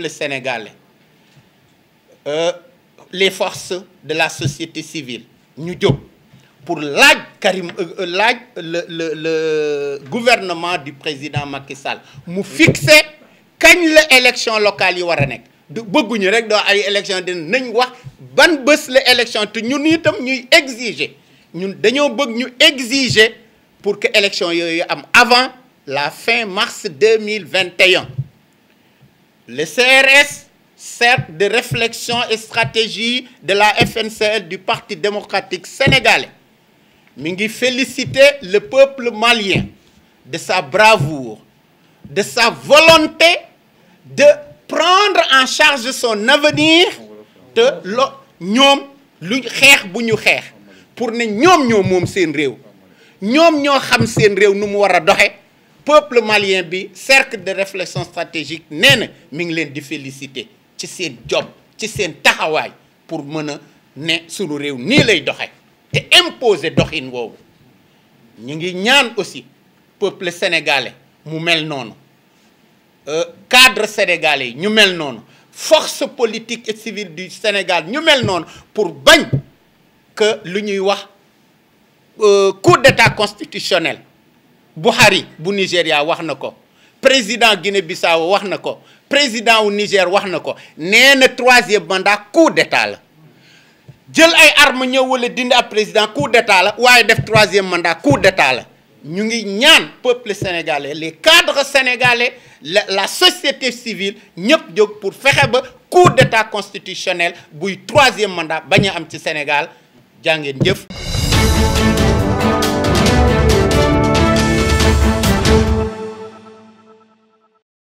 le sénégalais euh, les forces de la société civile nous pour l'aide Karim euh, euh, le gouvernement du président Macky Sall mu fixé les élections locales locale yi war a nekk du l'élection rek doo ay élection de nous nous ban exiger pour que élection élections am avant la fin mars 2021 le CRS sert de réflexion et stratégie de la FNCL du Parti démocratique sénégalais Mingi le peuple malien de sa bravoure de sa volonté de prendre en charge son avenir de pour ne peuple malien bi cercle de réflexion stratégique nene na mi ngi leen di féliciter ci job ci seen taxawaay pour mën a ne sunu réew nii lay doxe te imposer doxin woowu ñu ngi aussi peuple sénégalais mu mel euh, cadre sénégalais ñu mel noonu force politique et civile du Sénégal ñu mel noonu pour que l'Union ñuy wax euh, coup d'état constitutionnel Buhari bu nigeria wax na ko président Guinée-Bissau wax na ko président wu Niger wax na ko nee na troisième mandat coup d'état la jël ay armes ñëw wala dindi ab président coup d'état la waaye def troisième mandat coup d'état la ñu ngi ñaan peuple sénégalais les cadres sénégalais la la société civile ñëpp jóg pour fexe ba coup d'état constitutionnel buy troisième mandat bañ am ci Sénégal jàngeen jëf.